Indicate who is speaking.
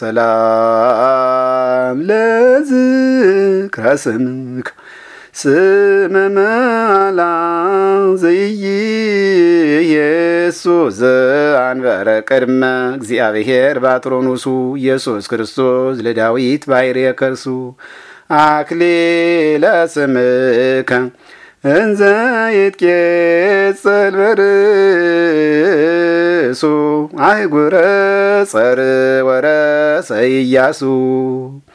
Speaker 1: ሰላም ለዝክረ ስምከ ስመ መላእ ዘኢየሱስ ዘአንበረ ቅድመ እግዚአብሔር ባትሮኑሱ ኢየሱስ ክርስቶስ ለዳዊት ባይር የከርሱ አክሊለ ስምከ እንዘ ይትቄጸል በርእሱ አይጉረ ጸር ወረ
Speaker 2: ተንበረከሰ ኢያሱ eh,